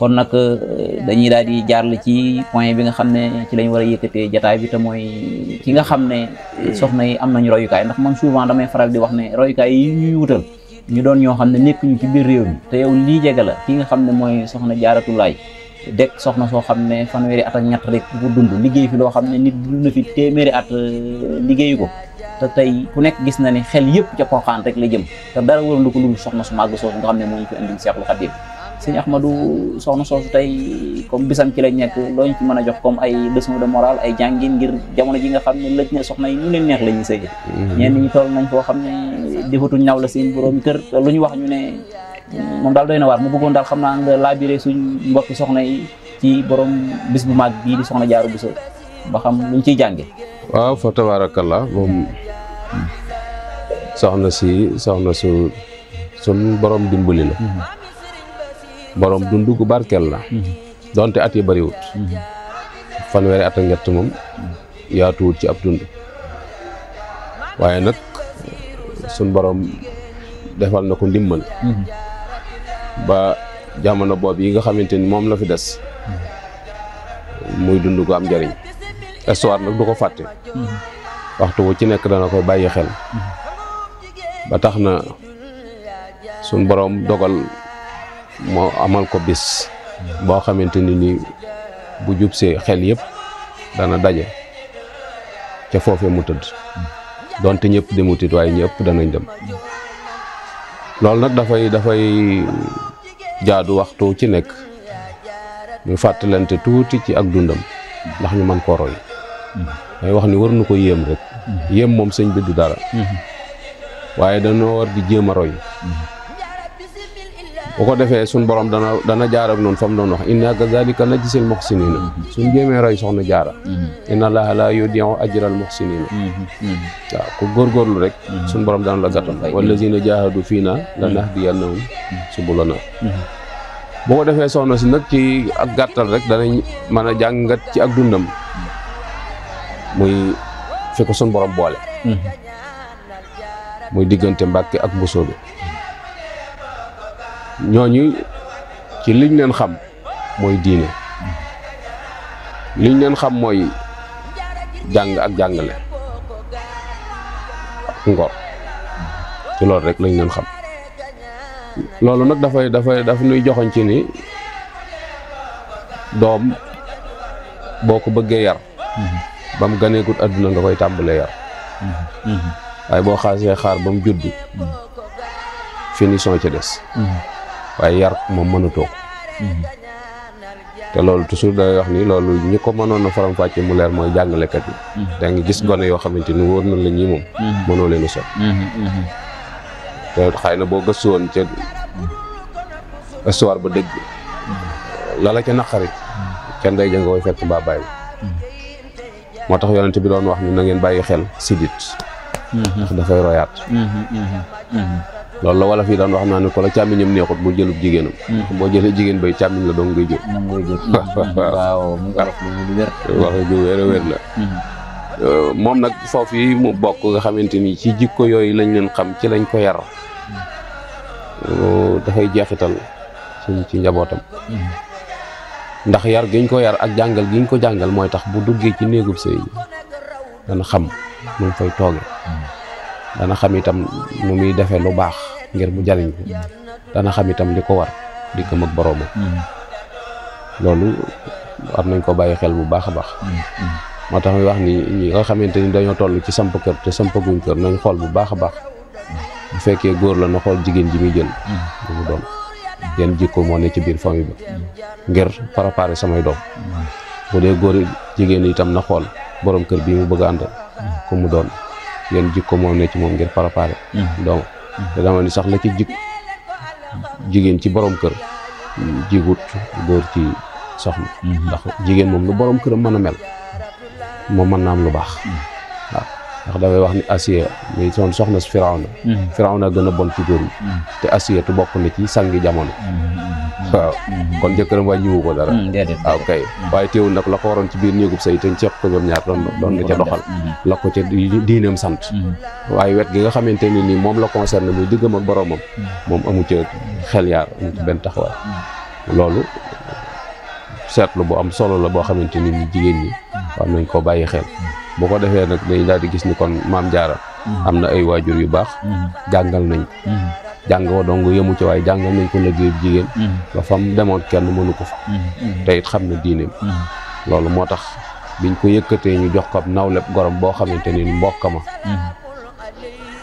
kon nag euh, dañuy daal di jaarle ci point bi nga xam ne ci lañu war a yëkkatee jataay bi te mooy ki nga xam ne soxna yi am nañu royukaay ndax man souvent damay faral di wax ne royukaay yi ñuy wutal ñu doon ñoo xam ne nekk ñu ci biir réew mi te yow lii jege la ki nga xam ne mooy soxna jaaratulaay dekk soxna soo xam ne fanweeri at ak ñett rek bu dund liggéey fi loo xam ne nit dund na fi téeméeri at euh, liggéeyu ko te tey ku nekk gis na ne xel yëpp ca pooxaan rek la jëm te dara waral lu ko lu soxna su màgg soosu nga xam ne moo ñu fi andi Seexul seigne Ahmadou soxna soosu tay comme bisam ci lañ nek loñ ci mëna jox comme ay leçon de moral ay jangine ngir jamono ji nga xamni lañ ne soxna yi ñu leen neex lañu ñuy mm-hmm. ñen ñi toll nañ ko xamni defatu ñaw la seigne borom kër lu wax ñu ne moom dal doyna war mu bëggoon dal xamna naa nga laabiré suñ mbokk soxna yi ci borom bis bu mag bi di soxna jaaru bu seul ba xam luñ ci jànge waaw fa tabarakallah moom soxna si soxna su sun borom dimbali la mm-hmm. borom dund gu barkeel la. Mhm. donte at yi bëriwut. Mhm. fanweeri at ak ñett moom yaatuwut ci ab dund. waaye nag sun boroom defal na ko ndimbal. Mhm. ba jamono boobu yi nga xamante ni moom la fi des. muy dund gu am njariñ histoire nag du ko fàtte. waxtu wu ci nekk dana ko bàyyi xel. ba tax na sun borom dogal. moo amal ko bis boo xamante ni ni bu jub see xel yëpp dana daje ca foofee mu tëdd donte ñëpp demutit waaye ñëpp danañ dem loolu nag dafay dafay jaadu waxtu ci nekk ñu fàttalante tuuti ci ak dundam ndax ñu man ko roy day wax ni war nu ko yéem rek mm-hmm. yéem moom sëñ bi du dara mm-hmm. waaye dañoo war di jéem a roy mm-hmm. bu ko defee suñ borom dana dana jaar ak noonu fa mu doon wax inna kazalika najzil muhsinina mm-hmm. mm-hmm. suñ jéemee roy soxna jaara mm-hmm. inna allaha la yudiu ajral muhsinina waaw ku góorgóorlu rek suñ borom dana la gàttal wallazina jahadu fiina lanahdiyannahum subulana bu ko defee soxna si nag ci ak gàttal rek danañ mën a jàngat ci ak dundam muy fi ko suñ borom boole muy diggante Mbàkke ak Bosoobe ñooñu ci liñ leen xam mooy diine liñ leen xam mooy jàng ak jàngale ak ngor ci loolu rek lañ leen xam loolu nag dafay dafay daf nuy joxoñ ci ni doom boo ko bëggee yar ba mu ganeegut àdduna nga koy tàmbalee yar waaye boo xaasee xaar ba mu judd finition ca des waaye yar moom mënatoo ko mm-hmm. te loolu toujours day wax nii loolu ñi ko mënoon a faram-fàccee mu leer mooy jàngalekat yi mm-hmm. da nga gis gone yoo xamante ni wóor na la ñii moom mm-hmm. mënoo leen a sot te xëy na boo gëstu woon ca histoire ba dëgg lala ca naqari ca ndey ja nga koy fekk mbaa bàyyi moo tax yonent bi doon wax ni na ngeen bàyyi xel sidit ndax dafay royaat loolu la wala fii daan wax naa ne ko la càmmiñam neexut mu jëlub jigéenam boo hmm. jëlee jigéen bay càmmiñ la doon ngay jël hmm, hmm. waaw wax ju wér a wér la euh, nag foofu yi mu nga xamante nii ci jikko yooyu lañ leen xam ci lañ ko yar euh, dafay jeexital ci ci njabootam ndax yar giñ ko yar ak jàngal giñ ko jàngal mooy tax bu duggee ci néegub sëy dana xam nu fay tooge dana xam itam nu muy defé lu bax ngir mu jariñ dana xam itam li war di ko mag borom hmm. lolu war nañ ko baye xel bu bax bax hmm. hmm. motax muy wax ni ñi nga xamanteni dañu tollu ci samp kër te guñ kër nañ xol bu bax bax bu fekke goor la na xol jigen ji mi jël bu mu doon den jikko mo ne ci bir fami ba ngir préparer samay doom bu dee goor jigen itam na xol borom kër bi mu bëgg andal ku mu doon yan jikko moom ne ci moom ngir préparé mm-hmm. doom te dama ni sax la ci jik jigéen ci boroom kër jigut góor ci soxna mm-hmm. ndax jigéen moom lu borom këram mën a mel moom mën naa am lu baax mm-hmm. waaw ndax damay wax ni Asiya muy soon soxna si Firawna Firawna gën a bon ci góor ñi te Asiya tu bokk na ci sangi jamono waaw kon jëkkëram wàññiwu ko dara waaw hmm, ah, kay waaye teewul nag la ko waroon ci biir néegub sëy te ceeb ko ñoom ñaar doon doon na ca hmm. doxal la ko ca diineem sant hmm. waaye wet gi nga xamante ni nii moom la concerné muy diggam ak boroomam moom amu ca xel yaar amu ci benn taxawaay loolu seetlu bu am solo la boo xamante ni ni jigéen ñi am nañ koo bàyyi xel bu ko defee nag dañ daal di gis ni kon maam jaara am na ay waajur yu baax jàngal nañ jàng wa dong yëmu ci waaye jàngal nañ ko liggéey jigéen mm-hmm. ba fam demoon kenn mënu ko fa mm-hmm. te it xam na diine bi mm-hmm. loolu moo tax biñ ko yëkkatee ñu jox ko ab nawleb gorom boo xamante ni mbokk ma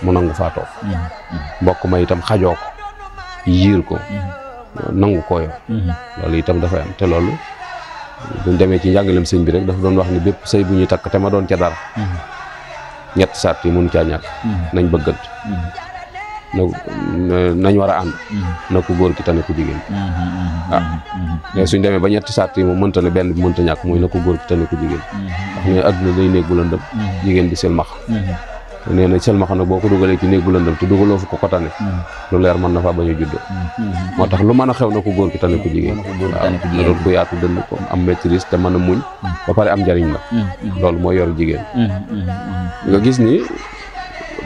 mu nangu faa toog mbokk ma itam xajoo ko yiir ko nangu koo yor loolu yitam dafay am te loolu buñ demee ci njàngalem sëñ bi rek dafa doon wax ni bépp sëy bu ñuy takk te ma doon ca dara ñett sart yi mënu caa ñàkk nañ bëggante nañ war a ànd mm-hmm. na ku góor ki te na ko jigéen mm-hmm, mm-hmm, ah léegi suñ demee ba ñetti sàrt yi moom mënta ne benn bi mënta ñàkk mooy na ko góor ki te na ko jigéen ndax nee adduna day néeg bu lëndëm jigéen di seen max nee na selmaxa nag boo ko dugalee ki néeg bu lëndëm te dugaloo fa ko ko tane lu leer mën na faa bañ a juddoo moo tax lu mën a xew na ko góor ki tane ko jigéen waaw doon ko yaatu dënd ko am maîtrise te mën a muñ ba pare am njariñ la loolu mooy yor jigéen nga gis ni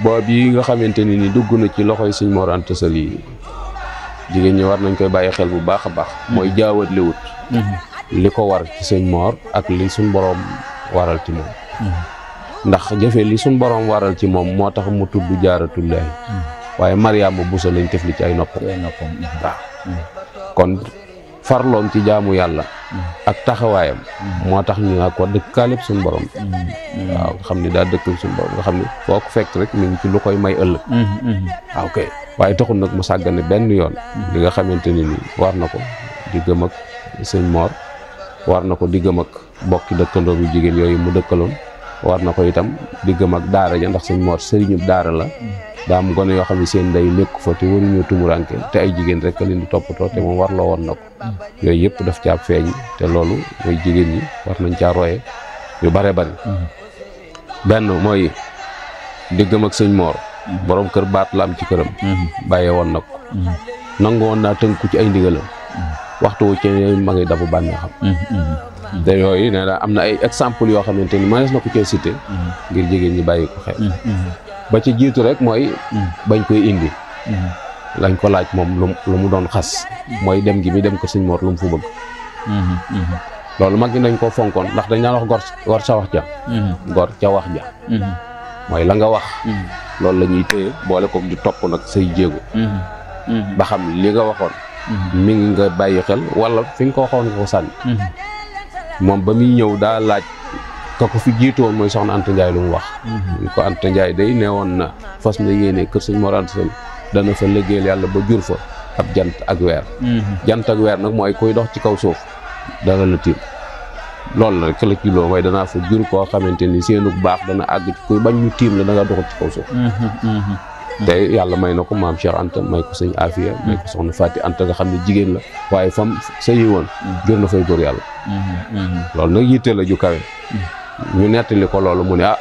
boob yi nga xamante ni ni dugg na ci loxoy sëñ Mor Anta Sali yi jigéen ñi war nañ koy bàyyi xel bu baax a baax mooy jaawatle wut mm-hmm. li ko war ci sëñ Mor ak li suñ boroom waral ci moom mm-hmm. ndax jëfe li suñ boroom waral ci moom moo tax mu tudd jaaratullahi mm-hmm. waaye Mariama Bousso lañ tef li ci ay noppam waaw kon Farlon ci jaamu yalla ak taxawayam motax mm. ñu nga ko dëkkaalib suñu borom mm. Mm. waaw xamni factory dekk suñu borom nga xamni ne fekk rek mi ngi ci lu koy may ëllëg waaw kay waye taxul nak mu sagane ben yoon li nga xamanteni ni war di gëm ak sëñ mor war di gëm ak bokki dëkkandoo bu jigen yoy mu dekkalon war itam di gëm ak daara ja ndax mor daara la daam gone yoo xam ne seen nday nekk fa te waruñoo tumuranke te ay jigéen rek leen di toppatoo te moom warloo woon na ko yooyu yëpp daf caab feeñ te loolu mooy jigéen ñi war nañ caa roye yu bare bari benn mooy diggam ak sëñ moor borom kër baat laam ci këram bàyyee woon na ko nangu woon naa tënku ci ay ndigalam waxtu wu ci ma yi dafa bànnee xam te yooyu nee na am na ay exemple yoo xamante ni mënees na ko cee cité ngir jigéen ñi bàyyi ba ci jiitu rek mooy mm. bañ koy indi mm. lañ ko laaj moom lu mu doon xas mooy dem gi mi dem ko siñ Mor lu mu fu bëgg mm-hmm. Mm-hmm. loolu mag ñi dañ koo fonkoon ndax dañ daan wax gor sa wax ja gor ca wax ja mm-hmm. mooy la nga wax loolu lañuy ñuy boole ko di topp nag say jéego ba xam li nga waxoon mi ngi nga bàyyi xel wala fi nga ko waxoon nga ko sànni moom ba muy ñëw daa laaj ka ko fi jiitu woon mooy soxna Anta njaay lu mu wax. ñu mhm. ko Anta Ndiaye day ne woon na fas na yéene kër sëñ Mor Anta dana fa liggéeyal yàlla ba jur fa ab jant ak weer. Mhm. jant ak weer nag mooy koy dox ci kaw suuf dara la tiim. loolu na rek la loo mooy danaa fa jur koo xamante ni seenu baax dana àgg ci kuy bañ ñu tiim la da nga ci kaw suuf. Mhm, te yàlla may na ko maam Cheikh Anta may ko sëñ Afia. may ko soxna Fati Anta nga xam ne jigéen la waaye fam sëyi woon. Mm. jur na fay góor yàlla. loolu nag yitte la ju kawe. Mm. ñu nettali ko loolu mu ne ah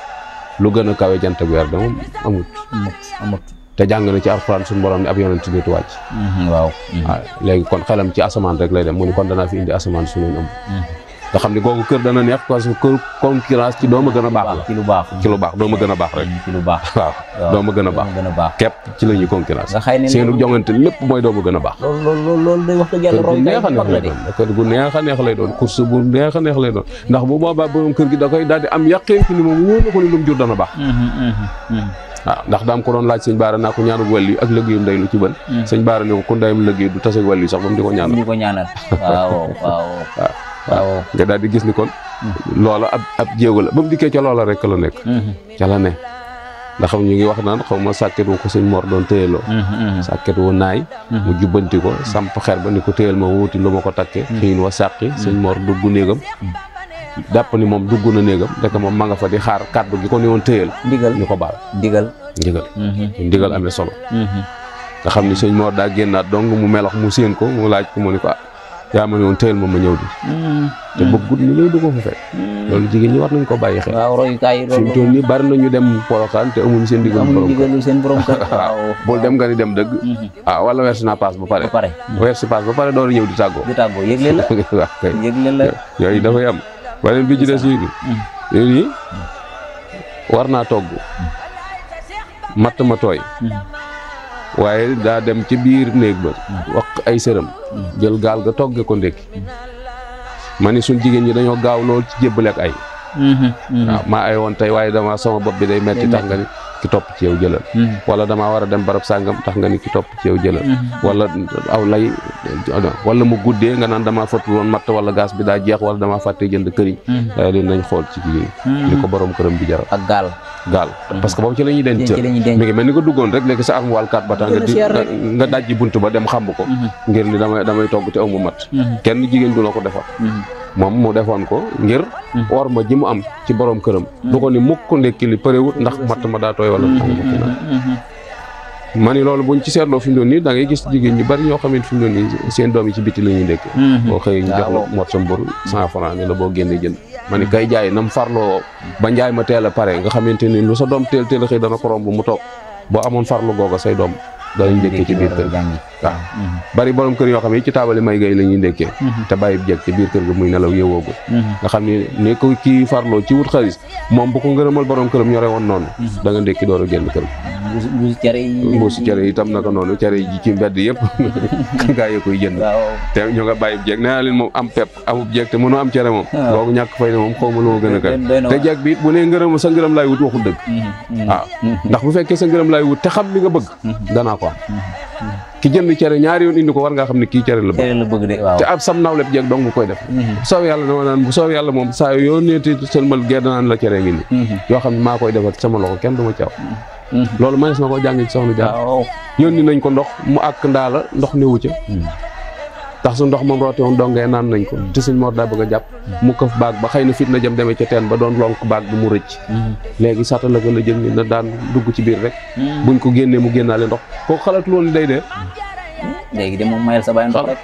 lu gën a kawe jant ak weer de moom amut. amut te jàng na ci alxuraan suñu borom ne ab yonent ci dootu wàcc. Mm-hmm, waaw. Mm-hmm. Ah, léegi kon xelam ci asamaan rek lay dem mu ne kon danaa fi indi asamaan su leen am. da xamni ni keur kër dana neex parce que keur concurrence ci dooma gëna bax ci lu bax ci lu bax dooma gëna bax rek ci lu bax waaw dooma gëna bax baax gën a ci lañu concurrence seenu jongante lepp moy dooma gëna bax lool lool lool day wax dëgg yàlla rom neex a neex gu neex neex lay doon course bu neex neex lay doon ndax bu boobaa borom keur gi da koy daldi am yaqeen ci ni mom wóor ko ni lu jur dana bax waaw mm-hmm, mm-hmm, mm-hmm. ah, ndax daam ko doon laaj seigne bara naa ko ñaanug wàllu ak lëggéeyam ndey lu ci ban seigne bara ne ko ku ndayam lëggéey du tasse walli sax bam diko ñaanal di ko ñaanal waaw waaw ah nga daal di gis ni kon loola ab ab jéego la ba mu dikkee ca loola rek la nekk mm-hmm. ca la ne ndax ñu ngi wax naan xaw ma sàkket wu ko suñ mor doon téyeloo mm-hmm. sàkket wu naay mm-hmm. mu jubbanti ko samp xer ba ni ko téyel ma wuuti lu ma ko takke xiin wa sàqi suñ mor dugg néegam dàpp ni moom dugg na néegam dëkk moom ma nga fa di xaar kàddu gi ko ni woon téyel ndigal ñu ko baal ndigal ndigal ndigal amee solo nga xam ni suñ mor daa génnaat dong mu melax mu seen ko mu laaj ko mu ni ko ah yaa ma ne woon tëyal ma ma ñëw bi hmm. te bëggut mu ñëw du ko fa fekk hmm. loolu jigéen ñi war nañ ko bàyyi xel waaw royukaay yi nii bari na ñu dem poroxaan te amuñu seen digal am seen borom kër waaw bul dem nga ni dem dëgg waaw hmm. ah, wala weer si naa paas ba pare weer si paas ba pare door ñëw di tàggoo di tàggoo yëgle la waaw kay yëgle la yooyu dafay am beneen bi ci des yi yooyu war naa togg matt ma tooy waaye daa dem ci biir néeg ba wax ay sëram jël gaal ga togge ko ndékki ma ni suñ jigéen ñi dañoo gaaw lool ci jébbale ak ay mm-hmm. maa ay woon tey waaye dama sama bopp bi day metti tax nga ni ki topp ci yow jëlal mm-hmm. wala damaa war a dem barab sàngam tax nga ni ki topp ci yow jëlal mm-hmm. wala aw lay wala mu guddee nga naan damaa fottul woon matt wala gaz bi daa jeex wala damaa fàtte jënd këriñ. lin eh, nañ xool ci jigéen ñi ko borom këram bi jaral ak gaal gaal mm-hmm. parce que boobu la ñuy denc mi ngi mel ni nga duggoon rek léegi sa am waal kaat nga nga dajji bunt ba dem xàmb ko mm-hmm. ngir damay damay togg te amu mat mm-hmm. kenn jigéen du la ko defal moom mu defoon ko ngir war ma ji mu am ci borom këram du ko ni mukk ndekki li përéwut ndax matt ma daa tooy wala ma ni loolu buñ ci seetloo fi mu doon nii da ngay gis jigéen ñu bari ñoo xam ne fi mu doon nii seen doom yi ci biti la ñuy ndekki boo xëy ñu jox la mot sa mburu cent la boo génnee jënd ma ni kay jaay nam farloo ba njaay ma teel a pare nga xamante ni lu sa doom teel teel a dana ko bu mu toog boo amoon farlu googa say doom dooñu ndékkee ci biir kër ga waaw bari borom kër yoo xam ne ci taabali may gay la ñuy ndékkee mm-hmm. te bàyyi jeeg ci biir kër ga muy nelaw yeewoogu mm-hmm. nga xam ne ne ko kii farloo ci wut xaalis moom bu ko ngërëmal borom këram ñore woon noonu mm-hmm. da nga ndékki door a génn kër mbuusi cere yi tam naka noonu cere yi ci mbedd yëpp gaa yi koy jënd te ñu nga bàyyi jeeg nee naa leen moom am pepp amub jeeg te mënu am cere moom boobu ñàkk fay ne moom xaw ma lu ma gën a kër te jeeg bi bu nee ngërëm sa ngërëm laay wut waxul dëgg waaw ah. ndax bu fekkee sa ngërëm laay wut te xam li nga bëgg danaa quoi ki jënd cere ñaari yoon indi ko war ngaa xam ne kii cere la bëgg de waaw te ab sam nawle bi jeeg dong mu koy def bu mhm. soobee yàlla dama naan bu soobee yàlla moom saa yoo neeti sëlmal gerte naan la cere ngi ni mhm. yoo xam ne maa koy defal sama loxo kenn du ma caaw mhm. loolu manees na koo jàngee ci soxna jaar yónni nañ ko ndox mu àkk ndaa la ndox newu ca tax su ndox moom rooti woon dongee naan nañ ko te suñ mor daa bëgg a jàpp mu këf baag ba xëy na fit na jëm demee ca teen ba doon lonk baag bi mu rëcc mm-hmm. léegi sata la ko la jëm ni na daan dugg ci biir rek mm-hmm. buñ ko génnee mu génnaale ndox kooku xalaat loolu day dee léegi de moom mayal sa bàyyi ndox rek.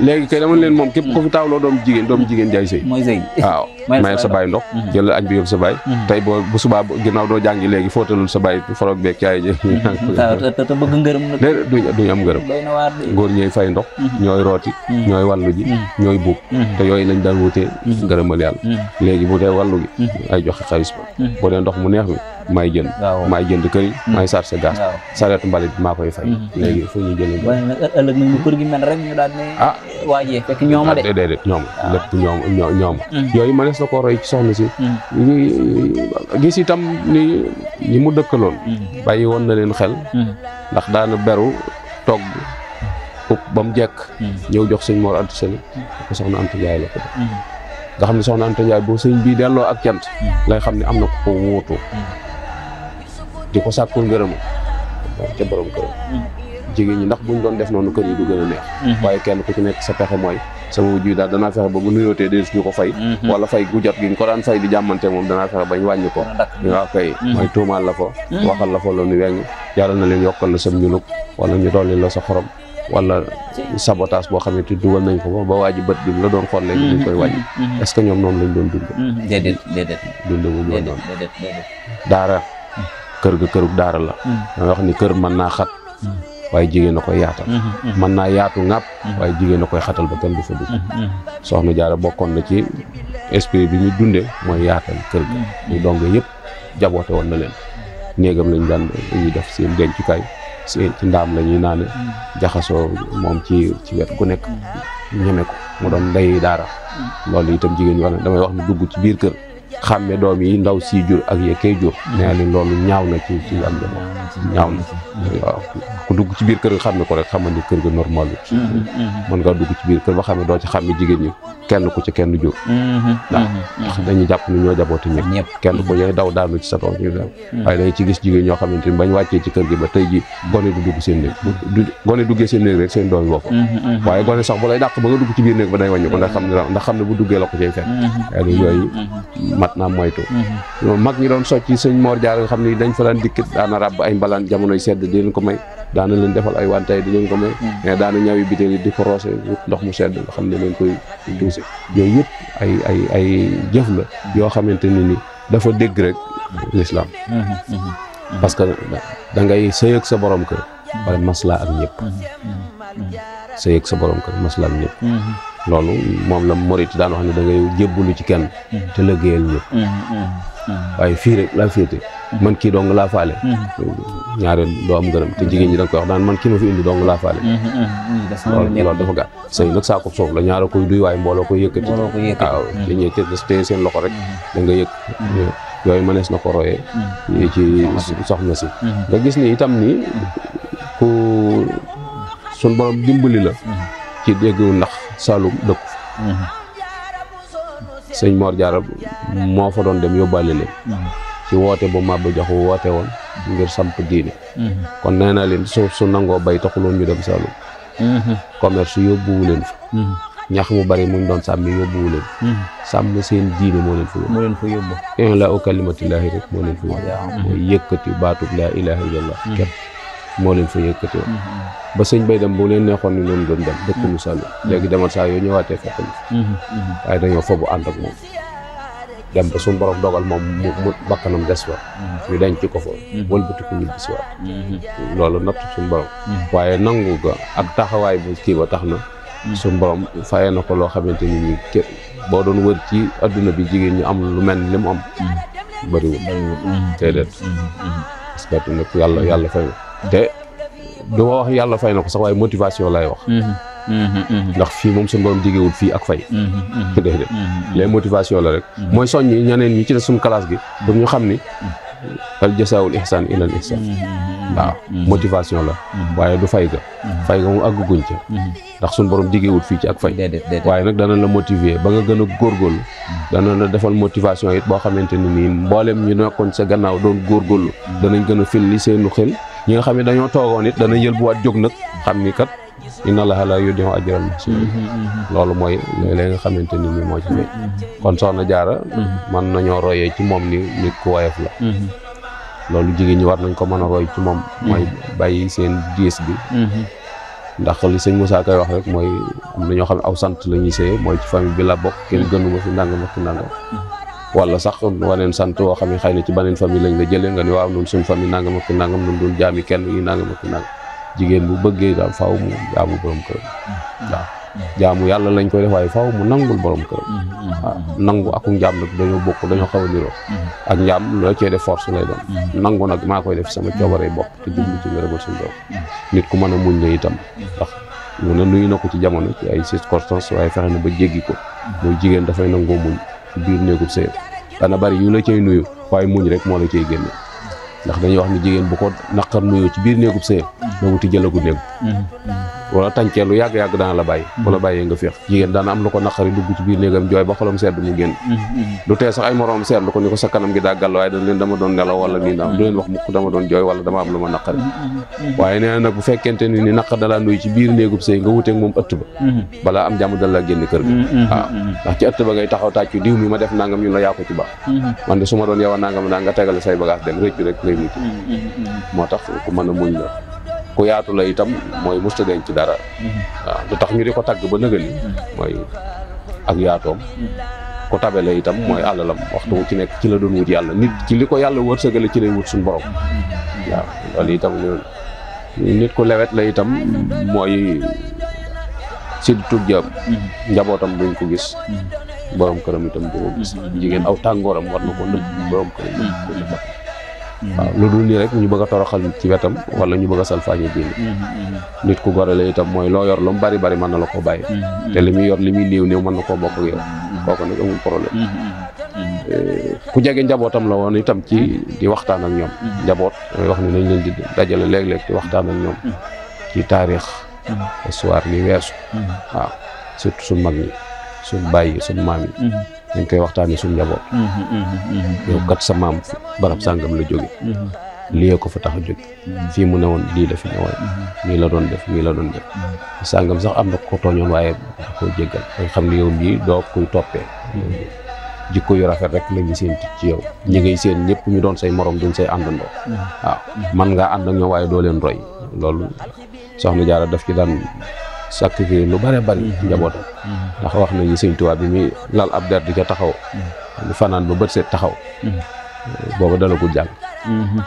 léegi kay dama leen moom képp ku fi taawloo doomu jigéen doomu jigéen jaay sëy mooy sëy waaw mayal sa bàyyi ndox mm-hmm. jël añ bi yóbbu sa bàyyi mm-hmm. tey boo bu subaa ginnaaw doo jàngi léegi fóotalul sa baay forog beeg caay ji mm-hmm. te bëgg ngërëm nag duñ duñ am ngërëm góor ñooy fay ndox ñooy rooti ñooy wàllu ji ñooy buub te yooyu lañ daan wutee ngërëmal yàlla léegi bu dee wallu gi ay jox xaalis ba bu dee ndox mu neex mi maay jënd ah, maay jënd kër yi hmm. maay chargé gaz saret ah, mbalit maa koy fay hmm. léegi fu ñu jëlee nag gi rek ñu daal ne ah waajee fekk ñooma de ah, déedéet ñooma lépp ñoom ñooma hmm. yooyu ma nees na ko roy ci soxna si gis itam ni ñi mu dëkkaloon bàyyi woon na leen xel ndax daana beru togg upp ba mu jekk ñëw jox sëñ Mor Anta Sali ko soxna Anta Ndiaye nga xam ne soxna Anta Ndiaye boo sëñ bii delloo ak cant lay xam ne am na ko ko wóotu di ko sàkkul ngërëmu ca borom këram jigéen ñi ndax buñ doon def noonu kër yi du gën a neex mhm. waaye kenn ku ci nekk sa pexe mooy sama wujju daal dana fexe ba bu nuyootee dee suñu ko fay mhm. wala fay gu jot gi ñu ko daan fay di jàmmante moom danaa fexe bañ wàññi ko waaw kay mhm. mooy tuumaal la ko waxal la fa la nu weñ yàlla na leen yokkal la sam ñulug wala ñu dolli la sa xorom wala sabotage boo xamante dugal nañ ko ba waa ji bët bi la doon xool léegi ñu koy wàññi est-ce que ñoom noonu lañ doon dund déedéet kër ga kërug daara la mm. dama wax ni kër mën naa xat mm. waaye jigéen a koy yaatal mm-hmm, mm-hmm. mën naa yaatu ŋàpp mm-hmm. waaye jigéen a koy xatal ba kenn du fa dugg soxna jaara bokkoon na ci esprit bi ñu dunde mooy yaatal kër ga ñu donge yëpp jaboote woon na leen néegam lañ daan ñuy def seen dencukaay seen ci ndaam la ñuy naane jaxasoo moom ci ci wet ku nekk ñeme ko mu doon ndey daara loolu itam jigéen ñi wax ne damay wax ne dugg ci biir kër xàmme doom yi ndaw si jur ak ya kay jur mm-hmm. nee loolu ñaaw na ci ci am dama ñaaw na mm-hmm. waaw ku dugg ci biir kër xam ne ko rek xamal ni kër ga normal bi mm-hmm. mën ngaa dugg ci biir kër ba xàmme doo ci xàmme jigéen ñi kenn ku ci kenn jur ndax dañuy jàpp ni ñoo jaboote ñëpp kenn ku ñooy daw daanu ci sa tool ñu dem waaye ci gis jigéen ñoo xamante ni bañ wàccee ci kër gi ba tey ji gone du dugg seen néeg du gone duggee seen néeg rek seen doom yi bopp waaye gone sax bu lay ba nga dugg ci biir néeg ba day wàññi ko ndax xam ne ndax xam ne bu duggee la ko cay fekk mat naa moytu mag ñi doon socc sëñ mor jaar nga xamni dañ fa daan dikkit daana rab ay mbalaan jamonoy sedd di leen ko may daana leen defal ay wantay di leen ko may mais mhm. eh, daana ñawi biteel di ko rosé ndox mu sedd nga xamni ne leen koy duuse yoy yep ay ay ay jëf la yo xamanteni ni dafa dégg rek l'islam mhm, mhm. parce que da ngay sey ak sa borom kër wala masla ak ñep sey ak sa borom kër masla ak ñëpp loolu moom la morit daan wax ne da ngay jébbalu ci kenn te lëggéeyal ñëpp mm, mm, mm, waaye fii rek laa féete man kii dong laa faale ñaareel doo am gërëm te jigéen ñi da nga koy wax daan man kii ma fi indi dong laa faale loolu dafa gàtt sëy nag saako soof la ñaara koy duy waaye mbooloo koy yëkkati waaw te ñuy seen loxo rek da nga yëkk yooyu mënees na ko royee ci soxna si nga gis ni itam ni ku sun borom dimbali la ci dégg ndax Saalum dëkk sëñ Mor Diarra moo fa doon dem yóbbaale leen ci woote bu Maba Jaxu woote woon ngir samp diine kon nee naa leen su su nangoo bay taxuloon ñu dem Saalum commerce yóbbuwu leen fa ñax mu bari muñ doon sàmmi yóbbuwu leen sàmm seen diine moo leen fa yóbbu moo leen fa yóbbu in la u kalimatillahi moo leen fa yóbbu mooy yëkkati baatub laa ilaha illallah mm-hmm. képp moo leen fa won ba sëñ bay dam bu len neexoon ni noonu doon dem dekk mu sànni léegi demal sa yo ñëwaatee fekk na waaye dañoo fobu and ak mom dem ba suñu borom dogal mom mu bakkanam dess wa ñu denc ko fa tukku ñu bis wa loolu nat suñu borom waye nangu ga ak taxaway bu ci ba taxna na suñu borom fayé nako lo xamanteni xamante ni bo doon wër ci aduna bi jigeen ñu am lu mel ni mu am bari wu parce que nag yàlla yàlla fay te du ma wax yàlla fay na ko sax waaye motivation laay wax. Mhm. Mhm. Mhm. ndax fii moom suñu borom diggéewul fii ak fay. déedéet les motivation la rek. mooy soññi ñeneen ñi ci des suñu classe gi. pour ñu xam ni. al jasaawul ihsaan ilal ihsaan mm-hmm. waaw mm-hmm. motivation la mm-hmm. waaye du fay ga fay ga mu àgguguñ ca ndax suñ borom diggewut fii ci ak fay waaye nag dana la motiver ba nga gën a góorgóorlu dana la defal motivation it boo xamante ne nii mboolem ñu nekkoon sa gannaaw doon góorgóorlu danañ gën a fil li seenu xel ñi nga xam ne dañoo toogoon it danañ yël bu waat jóg nag xam ni kat inna allaha la yudiu ajral muhsinin loolu mooy léeg-léeg nga xamante ni nii moo ci fay kon soxna jaara nañoo royee ci moom ni nit ku woyof la loolu jigéen ñi war nañ ko mën a roy ci moom mhm. mooy bàyyi seen diis bi mhm. ndax li sëñ Moussa wax rek mooy am na ñoo xam aw sant la ñuy sëye mooy ci famille bi la bokk kenn mhm. gënu ma fi nanga ak ndàngam wala sax waneen sant woo xam ne xëy na ci baneen famille lañ la jëlee nga ni waaw noonu suñ famille nangam ak nangam noonu doon jaami kenn yi nangam ak nangam jigéen bu bëggee daal faw mu jaamu borom këram jaamu yàlla lañ koy def waaye faaw mu nangul borom këram mm-hmm, mm-hmm, waaw mm-hmm. nangu aku njaam nag dañoo bokk dañoo xaw a niroo ak njaam loo cee def force lay doon nangu nag maa koy def sama coobaree bopp te jublu ci ngërëmal suñu borom nit ku man a muñ la itam ndax mu ne nuyu na ko ci jamono ci ay circonstances waaye fexe na ba jéggi ko mooy jigéen dafay nangoo muñ ci biir néegub sëyam dana bari yu la cay nuyu waaye muñ rek moo la cay génne ndax dañuy wax ni jigéen bu ko naqar nuyoo ci biir néegub sëyam da wuti jëlagu néegu wala tàncee lu yag yàgg dana la bay mm-hmm. bu la bàyyee nga fex jigen dana am lu ko naqari dugg ci biir negam joy ba xolam sedd mu génn mm-hmm. du te sax ay morom seetlu ko niko sa kanam gi daa gàll waaye dañ leen dama don nelaw wala ni dama leen wax mukk dama don joy wala dama am lu ma naqari mm-hmm. waaye nee na bu fekente ni nak da la nuy ci biir néegub sey nga wuteeg mom ëtt ba balaa am jamu dal la génn kër gi waaw ci ëtt ba ngay taxaw tàccu diw mi ma def nangam ñu la yakku ci ba man de suma don doon nangam naa nga tegal say bagage dem rëccu rek lay nit motax ku mën muñ la ku yaatu la itam mooy musta denc dara mhm. waaw lu tax ñu di ko tagg ba nëgali mhm. mooy ak yaatoom mhm. ku tabe la itam mooy àllalam waxtu wu ci nekk ci la doon wut yàlla nit ci li ko yàlla wërsëgale ci lay suñu borom waaw loolu itam nit ku lewet la itam mooy si tut jaam njabootam buñ ko gis borom këram itam bu ko gis jigéen aw tàngooram war na ko nëbb borom këram waaw lu dul lii rek ñu bëgg a toroxal ci wetam wala ñu bëgg a salfaañe diine mm-hmm, mm-hmm. nit ku la itam mooy loo yor lu mu bari bari mën na la ko bàyyi mm-hmm. te li muy yor li muy néew néew mën na koo bokk ak yow kooku nag amul problème eh, ku jege njabootam la woon itam ci di waxtaan ak ñoom njaboot damay wax ne nañ leen di dajale léeg-léeg di waxtaan ak ñoom ci taarix histoire li weesu waaw surtout suñ mag ñi su bàyyi su maam yi dañ koy waxtaanee suñu njaboot. Mm-hmm, mm-hmm, mm-hmm. yow kat sa maam barab sàngam la jóge lii ko fa tax a jóge fii mu ne woon lii la fi ne woon la doon def mii la doon def sàngam sax am na ko tooñoon waaye da koo jéggal dañ xam ne yow lii doo kuy toppee jikko yu rafet rek la ñu seen ci yow ñi ngay seen ñëpp ñu doon say moroom duñ say àndandoo waaw man ngaa ànd ak ñoom waaye doo leen roy loolu soxna jaara daf ci daan sakki lu bare bare mhm. njabootam mhm. ndax wax nañu seigne touba bi mi lal abdar di ca taxaw mhm. fanaan ba bët set taxaw booba dala ko jang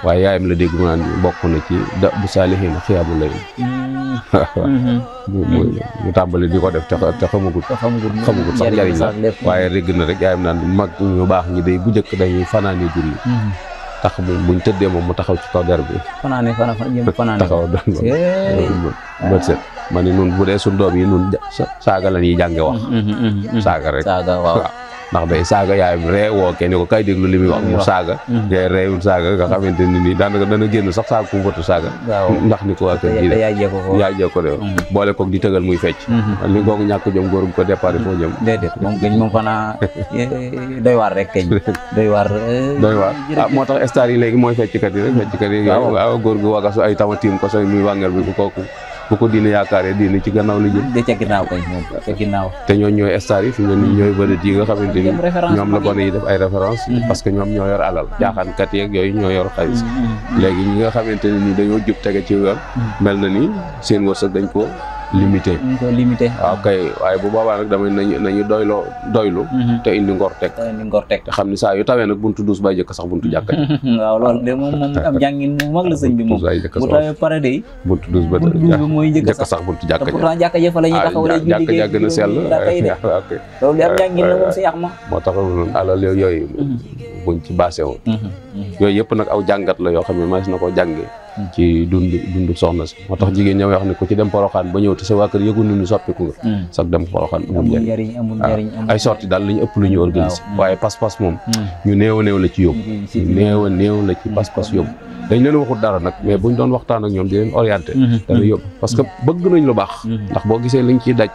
wa yaayam la deg mu bokku na ci da bu salihin khiyabul lay mu tàmbali di ko def te xamugul xamugul sax jariñ la waye reg na rek yaayam nan mag ñu bax ñi day bu jekk dañuy fanani julli tax mu buñ teddé mom mu taxaw ci kaw der bi fanani fanani fanaane taxaw ba set ma ne nun bu dee suñ doom yi nun saaga la ñuy jànge wax mm-hmm, mm-hmm, mm-hmm. saaga rek waaw ndax day saaga yaayam ree woo kenn ko kay déglu li muy wax mu saaga yaay reewul saaga nga xamante ni nii daanaka dana génn sax saaga ku fatu saaga ndax ni ko waa kër gi de yaay ko de boole koog di tëgal muy fecc li kooku ñàkk jom góor bu ko déparé foo jëm déedéet moom kañ moom xanaa eh, doy waar rek kañ doy waar eh, doy waar ah moo tax star yi léegi mooy fecckat yi rek fecckat yi waaw góor gu wagasu ay tama tiim ko soy muy wàngal bi ko kooku bu ko diine yaakaaree diine ci gannaaw la jëm. da ca ginnaaw kay moom ca ginnaaw. te ñoo ñooy star yi fi ne nii ñooy vedette yi nga xamante ni ñoom la gone yi def ay référence mm-hmm. parce que ñoom ñoo yor alal jaaxaankat mm-hmm. yeeg yooyu ñoo yor xaalis mm-hmm. léegi ñi nga xamante ne ni dañoo jub tege ci yoon mel na ni seen wërsëg dañ ko limité limité waaw ah, kay waaye bu boobaa nag damay nañu nañu doyloo doylu te indi ngor te indi ngor teg xam ne saa yu tawee nag buntu duus bay jëkk sax buntu jàkka waaw loolu de moom moom am bi moom bu tawee pare de buntu duus ba mooy jëkk sax buntu jàkka te pourtant jàkka jëfa ah, taxaw rek jàkka jàkk na sell loolu de am jàngin la moom si yàq ma moo tax alal yooyu mhm. buñ ci basé wu yoy yépp nak aw jangat la yo ma mas nako jangé mhm. ci dund dund soxna ci motax jigen ñaw wax ni ku ci dem poroxan ba ñew te sa waakër kër yegul ñu soppi ko mhm. sax dem poroxan amul jariñ amul jariñ ah. ay sorti dal lañu ëpp luñu organiser waye pass pass mom ñu neew mhm. néw la ci yob neew néw la ci pass pass yob dañ leen waxu dara nak mais buñ doon waxtaan ak ñom di leen orienter da la yob parce que bëgg nañ lu bax ndax bo gisé liñ ci daj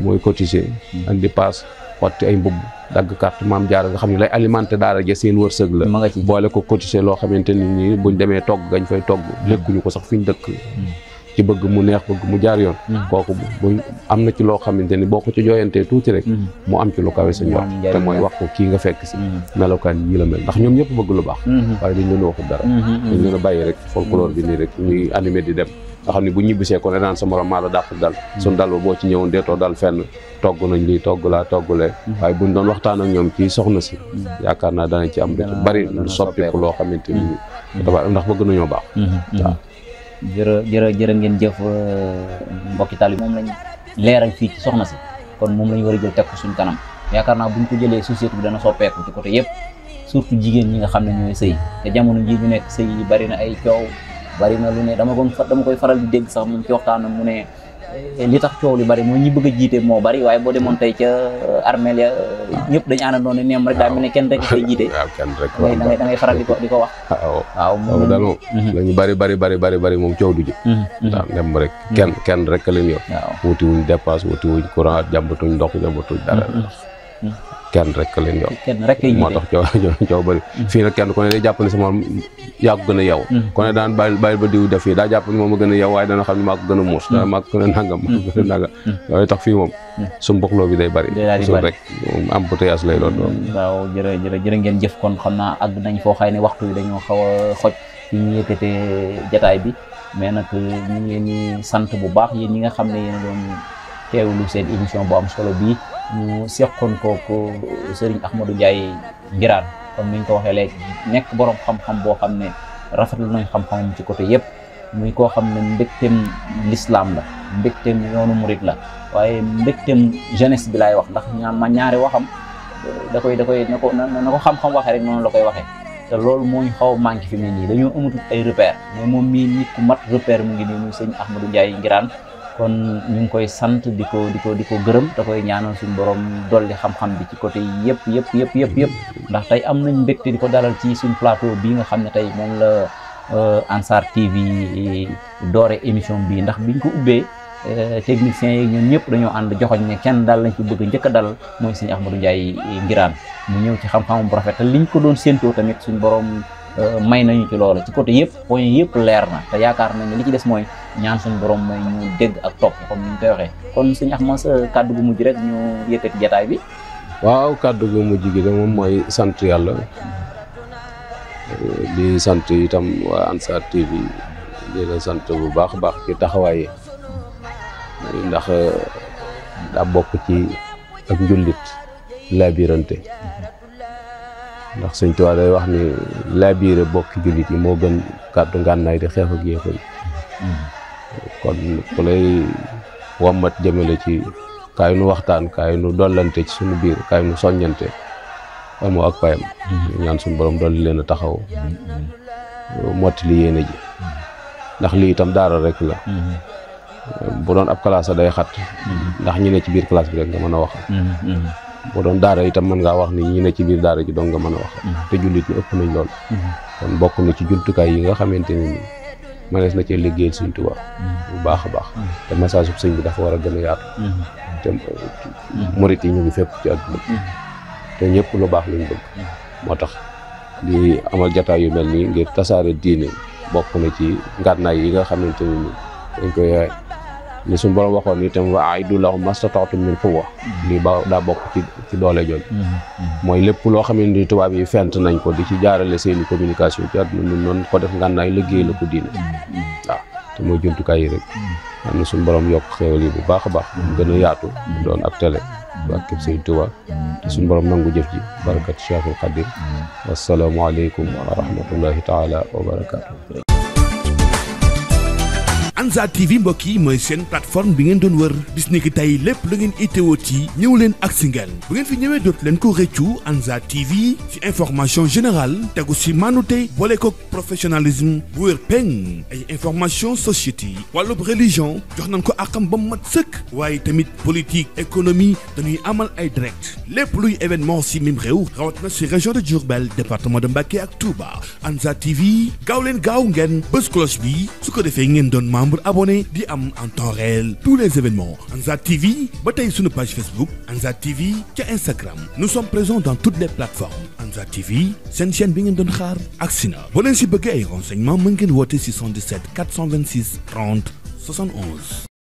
moy cotiser andi pass wat ay mbub dagg carte maam jaar nga xam ne lay alimente daara ja seen wërsëg la boole ko cotiser loo xamante ni nii buñ demee togg gañ fay togg mm. lekkuñu ko sax fu ñu dëkk mm. ci bëgg mu neex bëgg mu jaar yoon mm. kooku bu am na ci loo xamante ni boo ko ci jooyantee tuuti rek mu am ci lu kawe sa njort te mooy wax ko kii nga fekk si melokaan yi la mel ndax ñoom ñëpp bëgg lu baax mm-hmm. waaye dañ leen a waxul dara mm-hmm. dañ leen a bàyyi rek folklore bi nii rek ñuy animé di dem nga xam bu ñibbisee kon danaan sa morom maa la dàq dal suñ boo ci ñëwoon deetoo dal fenn togg nañ lii togg laa toggulee mm-hmm. waaye buñ doon waxtaan ak ñoom ci soxna si mm-hmm. yaakaar naa danañ ci am bari lu soppeeku loo xamante ni mm-hmm. ndax bëgg nañoo baax waaw jërë jërë ngeen jëf euh, mbokki talib moom lañ leeral fii ci soxna si kon moom la ñu war a jël teg ko suñu kanam yaakaar naa ñu ko jëlee société bi dana soppeeku ci côté yëpp surtout jigéen ñi nga xam ne ñooy sëy te jamono jii ñu nekk sëy yi bari na ay coow bari na lu ne dama ko dama koy faral di dégg sax moom ci waxtaanam mu ne eh, li tax coow li bari mooy ñi bëgg a jiite moo bari waaye boo demoon tey ca armeel ya ñëpp dañu àndandoo ne neem rek daa mel ne kenn rek koy jiite. waaw kenn rek ko di ko wax. waaw waaw moom mhm. bari bari bari bari bari moom coow du ji. Mhm, mhm. waaw neem kenn rek leen yow. waaw wuti wuñ dépasse wuti wuñ courant jàmbatuñ ndox jàmbatuñ dara. kenn rek leen yoon moo tax coow coow bëri mm-hmm. fii nag kenn ku ne day jàpp ne sa moom yaa ko gën a yow mm-hmm. ku ne daan bàyyi bàyyi ba diw def fii daa jàpp moom a gën a yow waaye a xam ne maa gën a muus mm-hmm. maa ko gën a nangam maa ko gën a nangam loolu tax fii moom suñu mboxloo bi day bëri suñ am embouteillage lay doon waaw jërë jërë jërë euh, xam ne yi a xoj bi ne doon teewlu seen émission bu am solo bii mu seqoon ko ko sëriñ Ahmadou Ndiaye Ngiraan comme ni ko waxee léegi nekk borom xam-xam boo xam ne rafetlu nañ xam-xamam ci côté yëpp muy koo xam ne mbégteem lislaam la mbégteem yoonu murit la waaye mbégteem jeunesse bi laay wax ndax ñaan ma ñaari waxam euh, da koy da koy na ko na ko xam-xam waxee rek noonu la koy waxee te loolu moo ñu xaw a manqué fi mu ne nii dañoo amatul ay repère mais moom mii nit ku mat repère mu ngi nii muy sëñ Ahmadou jaay Ngiraan kon ñu ngi koy sant di ko di ko di ko gërëm da koy ñaanal suñ boroom dolli xam-xam bi ci côté yëpp yëpp yëpp yëpp yëpp ndax tey am nañ mbégte di ko dalal ci suñ plateau bii nga xam ne tey moom la euh, Ansar TV eh, doore émission bii ndax biñ ko ubbee euh, techniciens yi ñoom ñëpp dañoo ànd joxoñ ne kenn daal lañ ci bëgg njëkk a dal mooy sëñ Ahmadou Ndiaye Nguirane mu ñëw ci xam-xamam bu rafet te liñ ko doon séentoo tamit suñu borom. Euh, may nañu ci loolu ci côté yëpp point yëpp leer na te yaakaar nañ li ci des mooy ñaan suñu boroom mooy ñu dégg ak topp comme ni ñu koy waxee kon suñu axma sa kàddu gu mujj rek ñu yëkkati jataay bi waaw kàddu gu mujj gi de moom mooy sant yàlla euh, di sant itam waa Ansar TV di bu baax baax ci taxawaay ndax euh, daa bokk ci ak njullit laa ndax sëñ Tuubaa day wax ni laabiire bokki jullit yi moo gën kàddu ngànnaay di xeex ak kon ku lay wommat jëmale ci kaay nu waxtaan kaay nu dollante ci suñu biir kaay nu soññante amoo ak payam mm-hmm. ñaan suñu borom dolli leen a taxaw mottali yéene ji ndax lii itam daara rek la mm-hmm. bu doon ab classe day xat mm-hmm. ndax ñu ne ci biir classe bi rek nga mën a wax boo doon daara itam mën ngaa wax ni ñu ne ci biir daara ji doon nga man a wax mm-hmm. te jullit ñi ëpp nañ lool mm-hmm. kon bokk na ci jumtukaay yi nga xamante ne ni mënees na cee liggéeyal Sëñ Tuubaa mm-hmm. bu baax a baax te message bu sëñ bi dafa war a gën a yaatu te murit yi ñu ngi fépp ci àdduna te ñëpp lu baax lañ bëgg moo tax di amal jataay yu mel nii ngir tasaare diine bokk na ci ngànnaay yi nga xamante ne ni dañ koy li suñu borom waxoon ni itam wa aidu lahum mastata'tum min quwwa lii ba daa bokk ci ci doole jooju mm-hmm. Mm-hmm. mooy lépp loo xamante ni tubaab yi fent nañ ko di ci jaarale seeni communication ci àdduna ñun noonu ko def ngànnaay liggéey la ko diine mm-hmm. waaw te mooy juntukaay yi rek am na suñu borom yokk xéewal lii bu baax a baax mu gën yaatu doon ak télé barkeb Sëñ Tuubaa te suñu borom nangu jëf ji barakat Cheikhul Xadim wassalaamu aleykum wa rahmatullahi taala Anza TV mbokk moy sen plateforme bi ngeen doon wër bis ni ki tey lépp lu ngeen itteewoo woti ñëw leen ak singal bu ngeen fi ñëwee dootu leen ko rëccu Anza TV ci information générale tagu ci manouté boole ko professionnalisme bu wër peng ay information société wàllub religion jox nañ ko akam ba mat sëkk waaye tamit politique économie dañuy amal ay direct lépp luy événement ci mim réw rawat na région de Djourbel département de Mbacké ak Touba Anza TV gaaw leen gaaw ngeen bés cloche bi su ko défé ngeen doon membre nombre abonnés di am en temps réel tous les événements Anza TV bataille sur nos page Facebook Anza TV sur Instagram nous sommes présents dans toutes les plateformes Anza TV c'est une chaîne bien ngeen doon xaar ak sina si renseignements mën ngeen woote 426 30 71